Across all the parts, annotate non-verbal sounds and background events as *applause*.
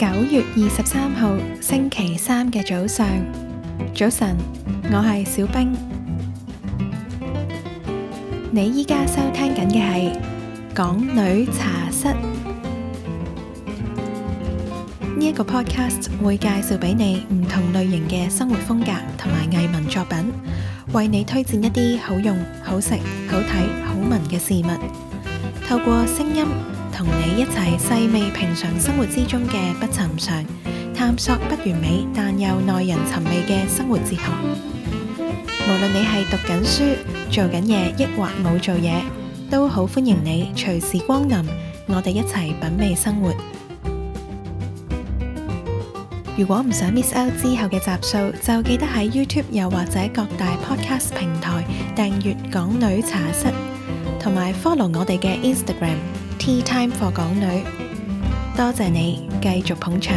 九月二十三號星期三嘅早上，早晨，我係小冰。你依家收聽緊嘅係《港女茶室》呢一個 podcast，會介紹俾你唔同類型嘅生活風格同埋藝文作品，為你推薦一啲好用、好食、好睇、好聞嘅事物，透過聲音。同你一齊細味平常生活之中嘅不尋常，探索不完美但又耐人尋味嘅生活哲學。無論你係讀緊書、做緊嘢，抑或冇做嘢，都好歡迎你隨時光臨。我哋一齊品味生活。如果唔想 miss out 之後嘅集數，就記得喺 YouTube 又或者各大 Podcast 平台訂閱《港女茶室》，同埋 follow 我哋嘅 Instagram。Time for 港女，多謝你繼續捧場。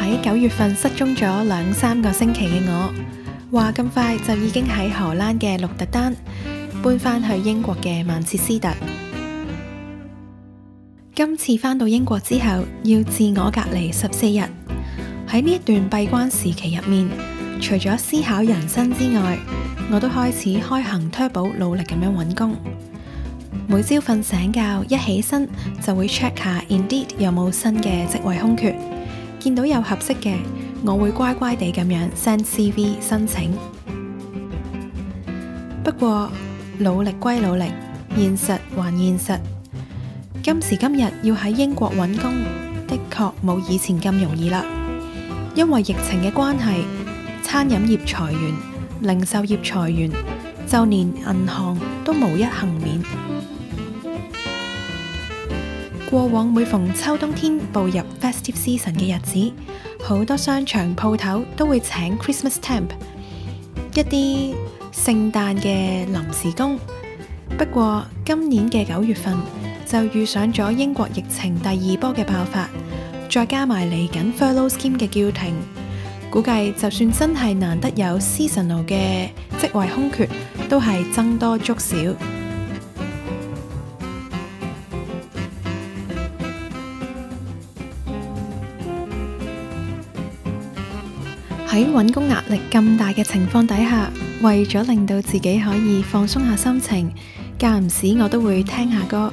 喺九 *music* 月份失蹤咗兩三個星期嘅我，話咁快就已經喺荷蘭嘅鹿特丹搬返去英國嘅曼徹斯特。今次返到英國之後，要自我隔離十四日。喺呢一段閉關時期入面，除咗思考人生之外，我都開始開行 turbo，努力咁樣揾工。每朝瞓醒覺一起身，就會 check 下 Indeed 有冇新嘅職位空缺。見到有合適嘅，我會乖乖地咁樣 send CV 申請。不過努力歸努力，現實還現實。今時今日要喺英國揾工，的確冇以前咁容易啦。因為疫情嘅關係，餐飲業裁員、零售業裁員，就連銀行都無一幸免。過往每逢秋冬天步入 Festive Season 嘅日子，好多商場鋪頭都會請 Christmas Temp，一啲聖誕嘅臨時工。不過今年嘅九月份，就遇上咗英國疫情第二波嘅爆發，再加埋嚟緊 Furlough Scheme 嘅叫停，估計就算真係難得有 Seasonal 嘅職位空缺，都係僧多粥少。喺揾 *noise* 工壓力咁大嘅情況底下，為咗令到自己可以放鬆下心情，間唔時我都會聽下歌。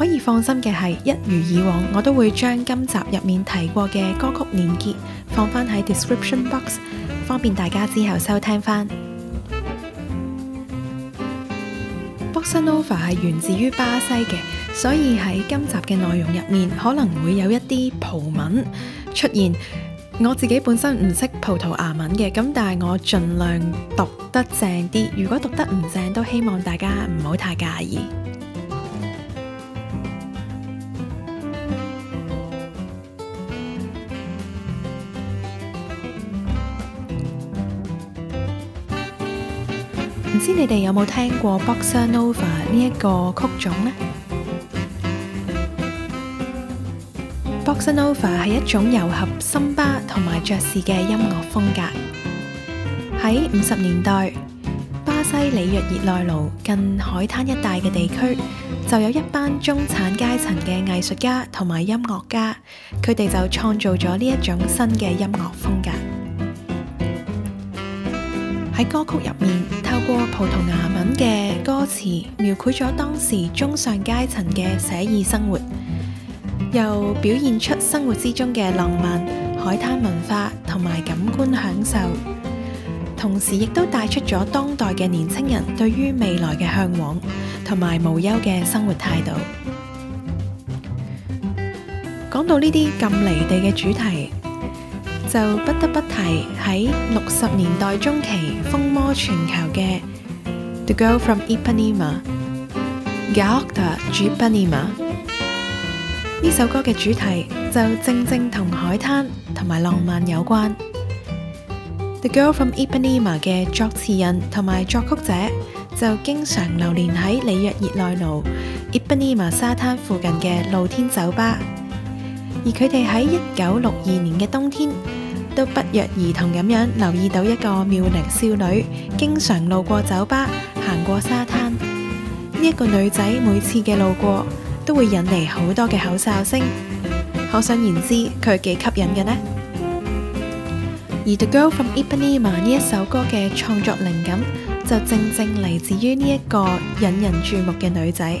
可以放心嘅係，一如以往，我都會將今集入面提過嘅歌曲連結放返喺 description box，方便大家之後收聽翻。Bossa Nova 係源自於巴西嘅，所以喺今集嘅內容入面可能會有一啲葡文出現。我自己本身唔識葡萄牙文嘅，咁但係我盡量讀得正啲。如果讀得唔正，都希望大家唔好太介意。唔知你哋有冇聽過 Bossa Nova 呢一個曲種呢？Bossa Nova 係一種糅合森巴同埋爵士嘅音樂風格。喺五十年代，巴西里約熱內盧近海灘一帶嘅地區，就有一班中產階層嘅藝術家同埋音樂家，佢哋就創造咗呢一種新嘅音樂風格。喺歌曲入面，透過葡萄牙文嘅歌詞，描繪咗當時中上階層嘅寫意生活，又表現出生活之中嘅浪漫、海灘文化同埋感官享受，同時亦都帶出咗當代嘅年輕人對於未來嘅向往同埋無憂嘅生活態度。講到呢啲咁離地嘅主題。就不得不提喺六十年代中期風靡全球嘅《The Girl from Ipanema》（雅克達·伊潘尼瑪）。呢首歌嘅主題就正正同海灘同埋浪漫有關。《The Girl from Ipanema》嘅作詞人同埋作曲者就經常流連喺里約熱內盧伊潘尼瑪沙灘附近嘅露天酒吧，而佢哋喺一九六二年嘅冬天，都不約而同咁樣留意到一個妙齡少女，經常路過酒吧、行過沙灘。呢一個女仔每次嘅路過，都會引嚟好多嘅口哨聲。可想而知，佢幾吸引嘅呢？而《The Girl from Ipanema》呢一首歌嘅創作靈感，就正正嚟自於呢一個引人注目嘅女仔。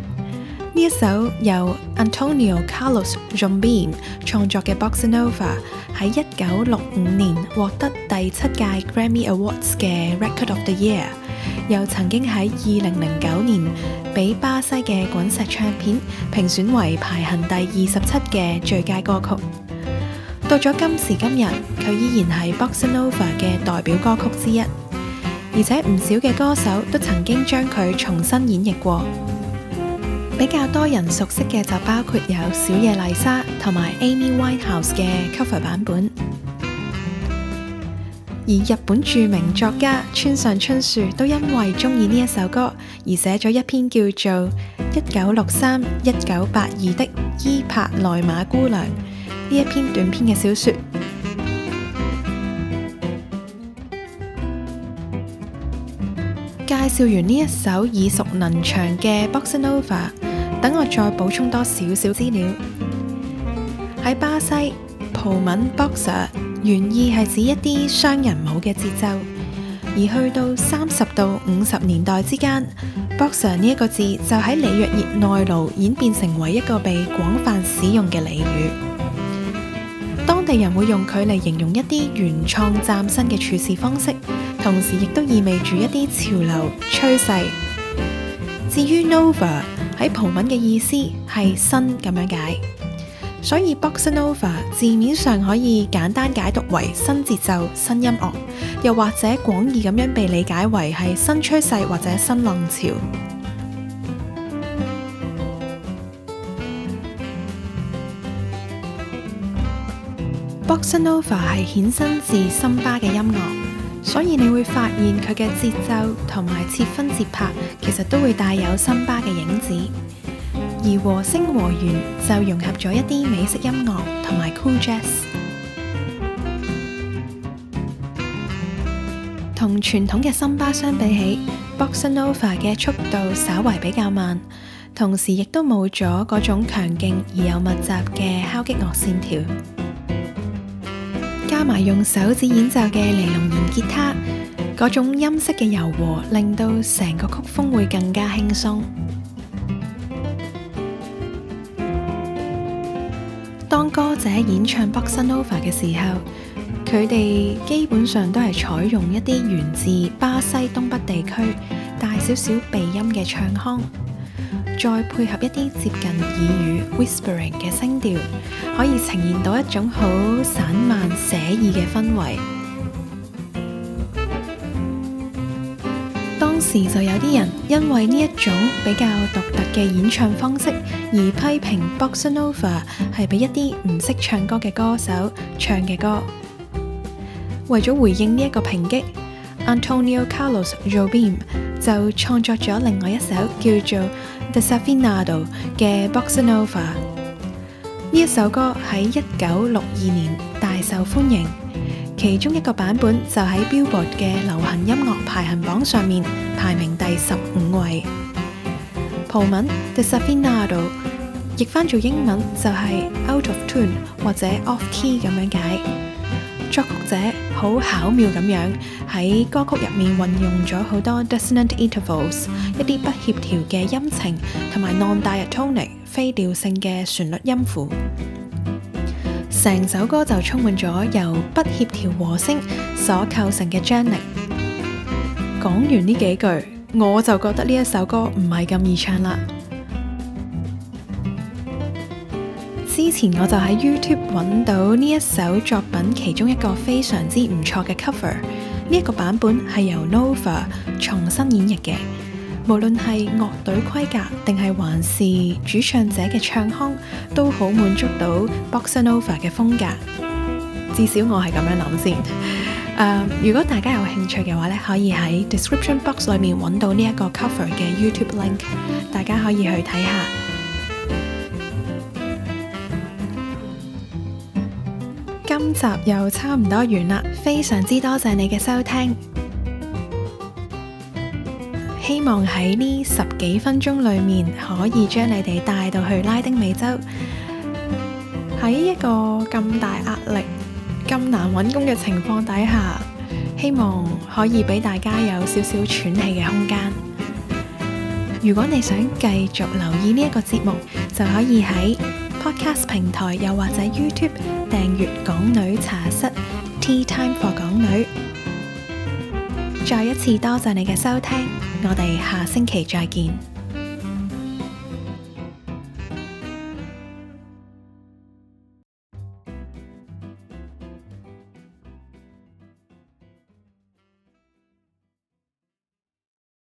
呢首由 Antonio Carlos Jobim 創作嘅《bossa nova》喺一九六五年獲得第七屆 Grammy Awards 嘅 Record of the Year，又曾經喺二零零九年被巴西嘅滾石唱片評選為排行第二十七嘅最佳歌曲。到咗今時今日，佢依然係 bossa nova 嘅代表歌曲之一，而且唔少嘅歌手都曾經將佢重新演繹過。比較多人熟悉嘅就包括有小野麗莎同埋 Amy Winehouse 嘅 cover 版本，而日本著名作家村上春樹都因為鍾意呢一首歌而寫咗一篇叫做《一九六三一九八二的伊帕內馬姑娘》呢一篇短篇嘅小說。介紹完呢一首耳熟能詳嘅 Bossa Nova 等我再補充多少少資料。喺巴西，葡文 bossa 原意係指一啲雙人舞嘅節奏。而去到三十到五十年代之間，bossa 呢一個字就喺里約熱內盧演變成為一個被廣泛使用嘅俚語。當地人會用佢嚟形容一啲原創嶄新嘅處事方式，同時亦都意味住一啲潮流趨勢。至於 nova 喺葡文嘅意思係新咁樣解，所以 bossa nova 字面上可以簡單解讀為新節奏、新音樂，又或者廣義咁樣被理解為係新趨勢或者新浪潮。bossa nova 係衍生自森巴嘅音樂。所以你會發現佢嘅節奏同埋切分節拍，其實都會帶有森巴嘅影子。而和聲和弦就融合咗一啲美式音樂同埋 Cool Jazz。同傳統嘅森巴相比起，Bossa Nova 嘅速度稍為比較慢，同時亦都冇咗嗰種強勁而又密集嘅敲擊樂線條。加埋用手指演奏嘅尼龍弦吉他，嗰種音色嘅柔和，令到成個曲風會更加輕鬆。當歌者演唱《Bossa Nova》嘅時候，佢哋基本上都係採用一啲源自巴西東北地區帶少少鼻音嘅唱腔。再配合一啲接近耳語 whispering 嘅聲調，可以呈現到一種好散漫寫意嘅氛圍。當時就有啲人因為呢一種比較獨特嘅演唱方式而批評 Bossa Nova 係俾一啲唔識唱歌嘅歌手唱嘅歌。為咗回應呢一個抨擊，Antonio Carlos Jobim 就創作咗另外一首叫做 Desafinado 嘅《Bossa Nova》，呢一首歌喺一九六二年大受歡迎，其中一個版本就喺 Billboard 嘅流行音樂排行榜上面排名第十五位。葡文《Desafinado》，譯返做英文就係 Out of Tune 或者 Off Key 咁樣解。作曲者好巧妙咁樣喺歌曲入面運用咗好多 dissonant intervals，一啲不協調嘅音程，同埋 non diatonic，非調性嘅旋律音符，成首歌就充滿咗由不協調和聲所構成嘅張力。講完呢幾句，我就覺得呢一首歌唔係咁易唱啦。之前我就喺 YouTube 揾到呢一首作品其中一個非常之唔錯嘅 cover，呢一個版本係由 Nova 重新演繹嘅。無論係樂隊規格定係還是主唱者嘅唱腔，都好滿足到 Bossa Nova 嘅風格。至少我係咁樣諗先。呃，如果大家有興趣嘅話咧，可以喺 description box 裏面揾到呢一個 cover 嘅 YouTube link，大家可以去睇下。集又差唔多完啦，非常之多謝你嘅收聽。希望喺呢十幾分鐘裏面，可以將你哋帶到去拉丁美洲。喺一個咁大壓力、咁難揾工嘅情況底下，希望可以俾大家有少少喘氣嘅空間。如果你想繼續留意呢一個節目，就可以喺 Podcast 平台又或者 YouTube 訂閱《港女茶室 Tea Time for 港女》，再一次多謝你嘅收聽，我哋下星期再見。